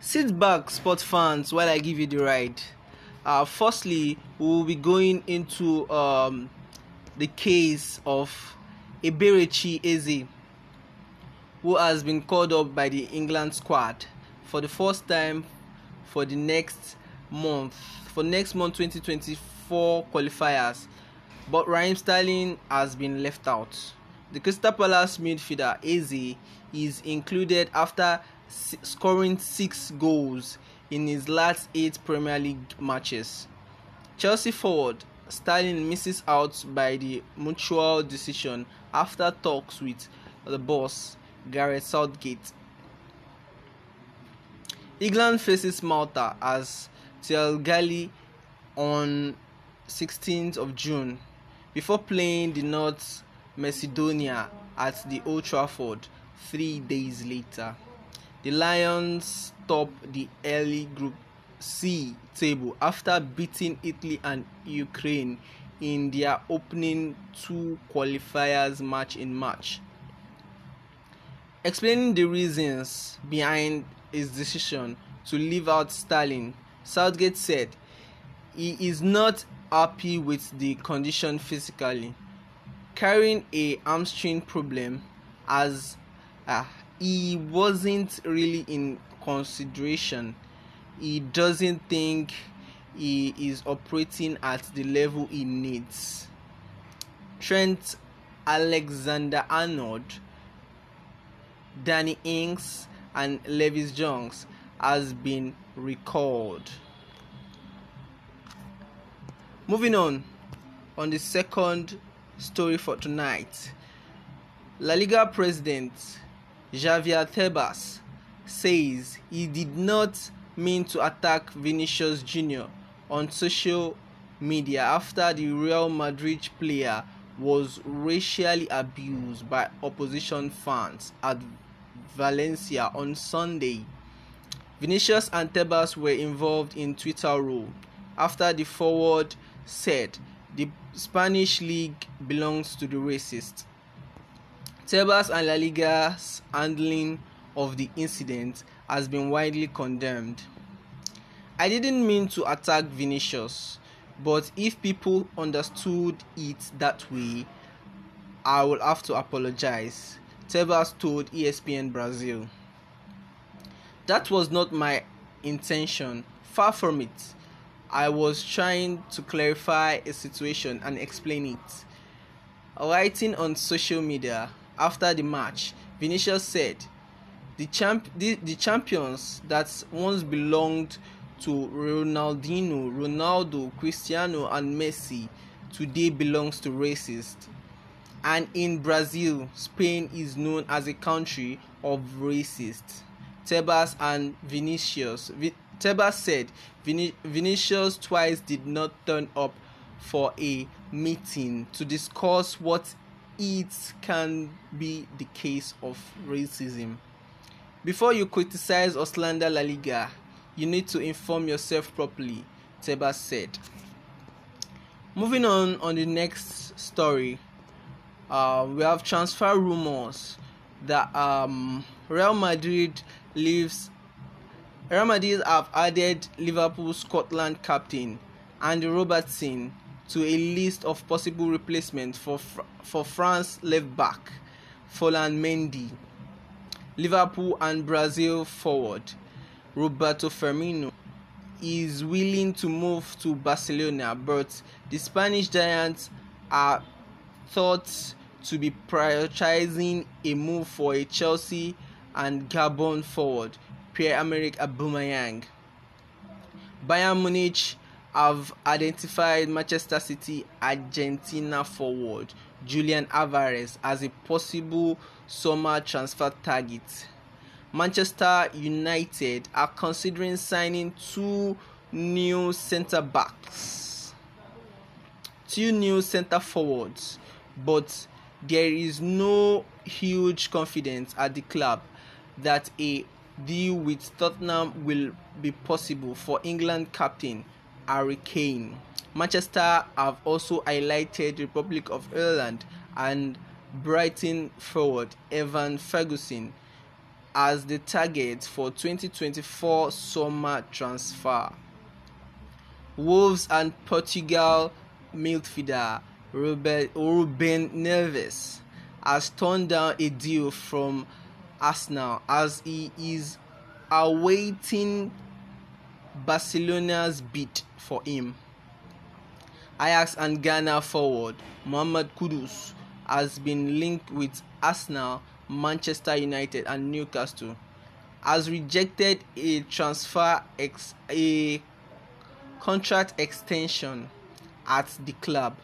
Sit back, sport fans, while I give you the ride. Uh, firstly, we will be going into um, the case of Eberechi Eze, who has been called up by the England squad for the first time for the next month, for next month 2024 qualifiers. But Ryan Sterling has been left out. The Crystal Palace midfielder Eze is included after scoring six goals in his last eight Premier League matches. Chelsea forward Sterling misses out by the mutual decision after talks with the boss Gareth Southgate. England faces Malta as Gali on 16th of June before playing the North Macedonia at the Old Trafford three days later. The Lions top the early Group C table after beating Italy and Ukraine in their opening two qualifiers match in March. Explaining the reasons behind his decision to leave out Stalin, Southgate said he is not happy with the condition physically. Carrying a hamstring problem as uh, he wasn't really in consideration. He doesn't think he is operating at the level he needs. Trent Alexander Arnold, Danny Ings, and Levis Jones has been recalled. Moving on, on the second story for tonight, La Liga president Javier Tebas, says he did not mean to attack Vinicius Jr. on social media after the Real Madrid player was racially abused by opposition fans at Valencia on Sunday. Vinicius and Tebas were involved in Twitter row after the forward said the Spanish league belongs to the racists. Tebas and La Liga's handling of the incident has been widely condemned. I didn't mean to attack Vinicius, but if people understood it that way, I will have to apologize. Tebas told ESPN Brazil. That was not my intention, far from it. I was trying to clarify a situation and explain it. Writing on social media after the match, Vinicius said, the, champ- the, the champions that once belonged to Ronaldinho, Ronaldo, Cristiano, and Messi today belongs to racists. And in Brazil, Spain is known as a country of racists. Tebas and Vinicius. Vi- Tebas said Vin- Vinicius twice did not turn up for a meeting to discuss what it can be the case of racism. Before you criticize or slander La Liga, you need to inform yourself properly, Tebas said. Moving on on the next story, uh, we have transfer rumors that um, Real Madrid leaves. Real Madrid have added Liverpool Scotland captain Andy Robertson to a list of possible replacements for, for France left back Folan Mendy, Liverpool and Brazil forward Roberto Firmino is willing to move to Barcelona, but the Spanish giants are thought to be prioritizing a move for a Chelsea and Gabon forward Pierre-Emerick Aubameyang. Bayern Munich have identified Manchester City Argentina forward Julian Alvarez as a possible summer transfer target. Manchester United are considering signing two new centre backs, two new centre forwards, but there is no huge confidence at the club that a deal with Tottenham will be possible for England captain Harry Kane. Manchester have also highlighted Republic of Ireland and Brighton forward Evan Ferguson as the targets for 2024 summer transfer. Wolves and Portugal midfielder Ruben, Ruben Neves has turned down a deal from Arsenal as he is awaiting Barcelona's bid for him. Ajax and Ghana forward Mohamed Kudus has been linked with Arsenal, Manchester United, and Newcastle. Has rejected a transfer ex- a contract extension at the club,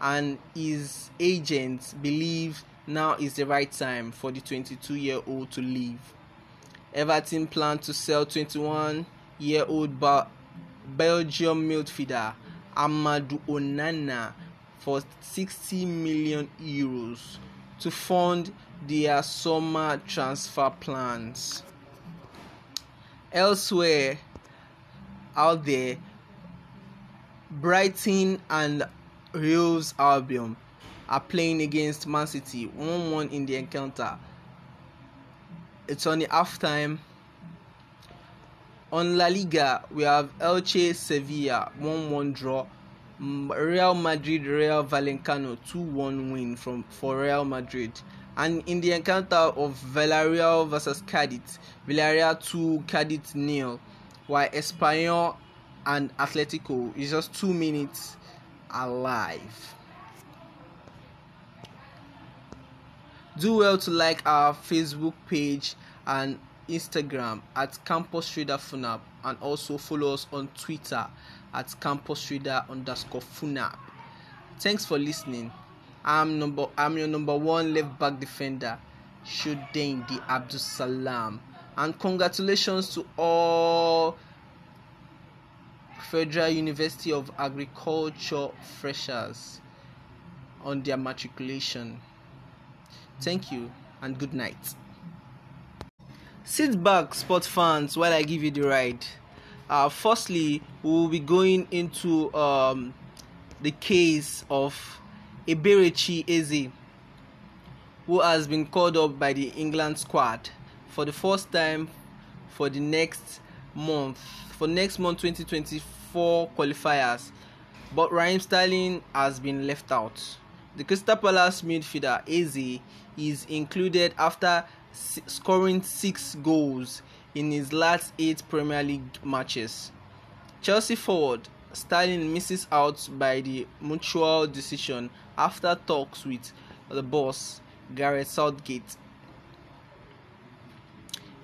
and his agents believe now is the right time for the 22 year old to leave. Everton plan to sell 21 year old ba- Belgium midfielder Amadou Onana for 60 million euros to fund their summer transfer plans. Elsewhere out there, Brighton and Reals Albion are playing against Man City 1 1 in the encounter. It's only half time on La Liga, we have Elche Sevilla 1 1 draw, mm, Real Madrid Real Valencano 2 1 win from for Real Madrid. And in the encounter of Villarreal versus Cadiz, Villarreal 2 Cadiz nil, while Espanyol and Atletico is just 2 minutes alive. Do well to like our Facebook page and Instagram at Campus Trader Funab and also follow us on Twitter at Campus Trader underscore Funab. Thanks for listening. I'm number I'm your number one left back defender, Shudain the Abdul Salam. And congratulations to all Federal University of Agriculture freshers on their matriculation. Thank you and good night. Sit back, sports fans, while I give you the ride. Uh, firstly, we will be going into um, the case of Eberechi Eze, who has been called up by the England squad for the first time for the next month, for next month 2024 qualifiers. But Raheem Sterling has been left out. The Crystal Palace midfielder Eze is included after scoring six goals in his last eight Premier League matches. Chelsea forward Sterling misses out by the mutual decision after talks with the boss Gareth Southgate.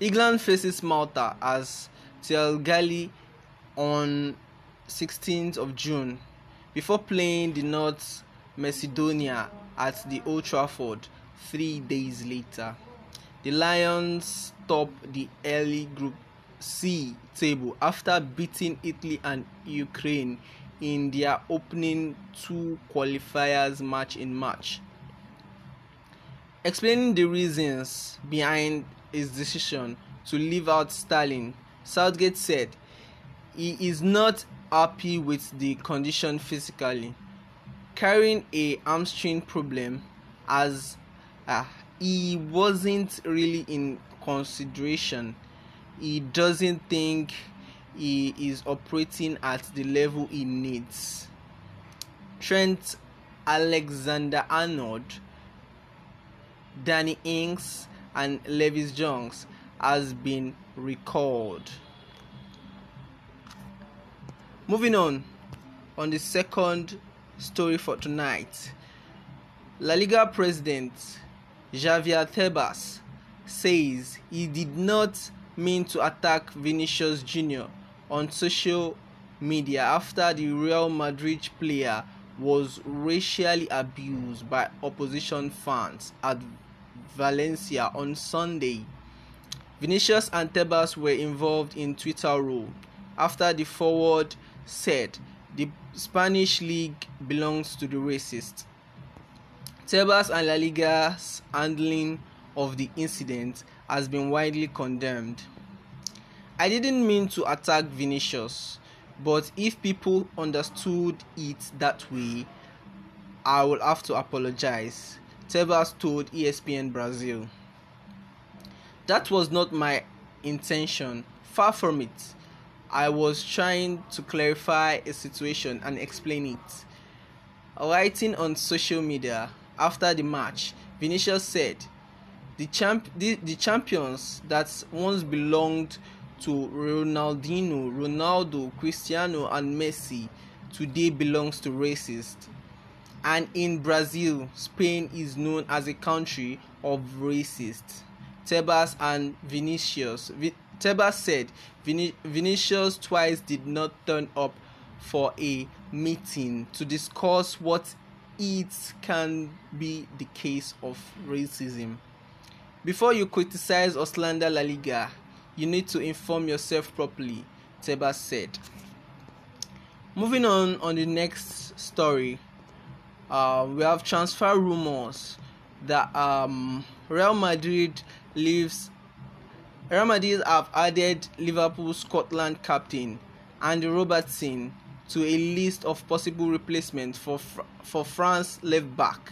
England faces Malta as Tialgali on 16th of June before playing the North Macedonia at the Old Trafford three days later. The Lions top the early Group C table after beating Italy and Ukraine in their opening two qualifiers match in March. Explaining the reasons behind his decision to leave out Stalin, Southgate said he is not happy with the condition physically. Carrying a hamstring problem as uh, he wasn't really in consideration. He doesn't think he is operating at the level he needs. Trent Alexander Arnold, Danny Inks, and Levis Jones has been recalled. Moving on, on the second story for tonight, La Liga president Javier Tebas says he did not mean to attack Vinicius Jr. on social media after the Real Madrid player was racially abused by opposition fans at Valencia on Sunday. Vinicius and Tebas were involved in Twitter row after the forward said the Spanish league belongs to the racists. Tebas and La Liga's handling of the incident has been widely condemned. I didn't mean to attack Vinicius, but if people understood it that way, I will have to apologize. Tebas told ESPN Brazil. That was not my intention, far from it. I was trying to clarify a situation and explain it. Writing on social media after the match, Vinicius said, the, champ- the, the champions that once belonged to Ronaldinho, Ronaldo, Cristiano, and Messi today belongs to racists. And in Brazil, Spain is known as a country of racists. Tebas and Vinicius. Vi- Tebas said Vin- Vinicius twice did not turn up for a meeting to discuss what it can be the case of racism. Before you criticize or slander La Liga, you need to inform yourself properly, Tebas said. Moving on on the next story, uh, we have transfer rumors that um, Real Madrid leaves. Real Madrid have added Liverpool Scotland captain Andy Robertson to a list of possible replacements for, for France left back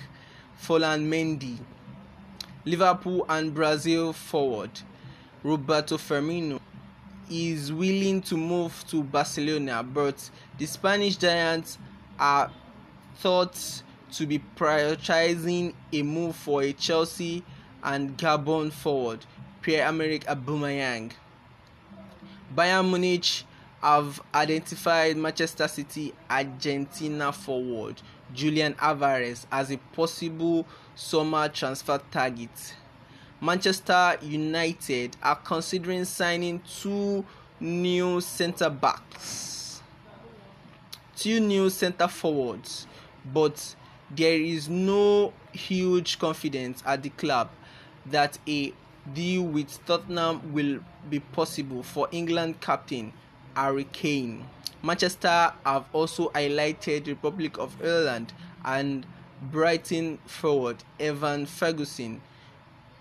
Folan Mendy, Liverpool and Brazil forward Roberto Firmino is willing to move to Barcelona, but the Spanish giants are thought to be prioritizing a move for a Chelsea and Gabon forward Pierre-Emerick Aubameyang. Bayern Munich have identified Manchester City Argentina forward Julian Alvarez as a possible summer transfer target. Manchester United are considering signing two new centre backs, two new centre forwards, but there is no huge confidence at the club that a deal with Tottenham will be possible for England captain hurricane. Manchester have also highlighted Republic of Ireland and Brighton forward Evan Ferguson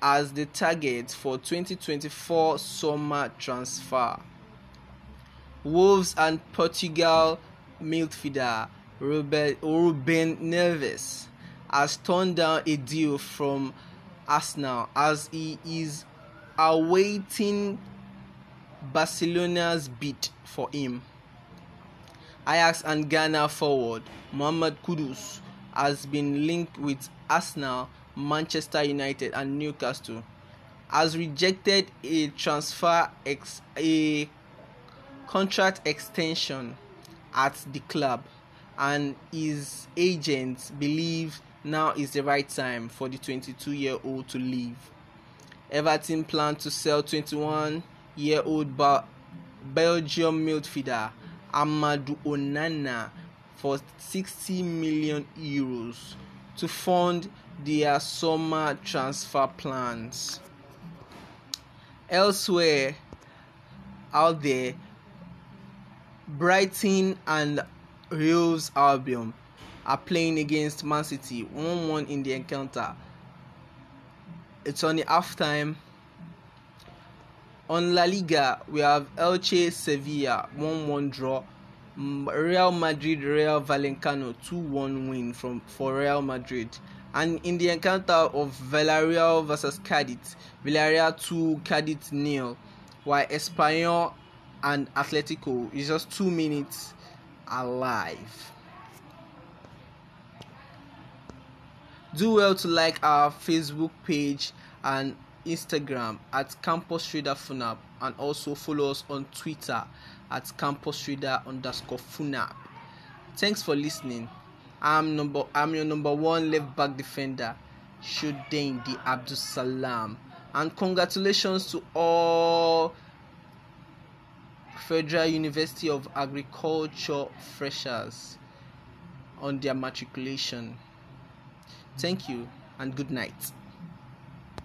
as the target for 2024 summer transfer. Wolves and Portugal midfielder Ruben, Ruben Neves has turned down a deal from Arsenal as he is awaiting Barcelona's bid for him. Ajax and Ghana forward Mohamed Kudus has been linked with Arsenal, Manchester United, and Newcastle. Has rejected a transfer ex- a contract extension at the club, and his agents believe now is the right time for the 22 year old to leave. Everton plan to sell 21 year old ba- Belgium midfielder Amadou Onana for 60 million euros to fund their summer transfer plans. Elsewhere out there, Brighton and Reals Albion are playing against Man City 1 1 in the encounter. It's only half halftime on La Liga, we have Elche Sevilla 1 1 draw, mm, Real Madrid Real Valenciano 2 1 win from for Real Madrid. And in the encounter of Villarreal versus Cadiz, Villarreal 2 Cadiz nil, while Espanyol and Atletico is just 2 minutes alive. Do well to like our Facebook page and Instagram at Campus Trader Funab and also follow us on Twitter at Campus Trader underscore Funab. Thanks for listening. I'm number I'm your number one left back defender, Shudain the Abdul Salam. And congratulations to all Federal University of Agriculture freshers on their matriculation. Thank you and good night.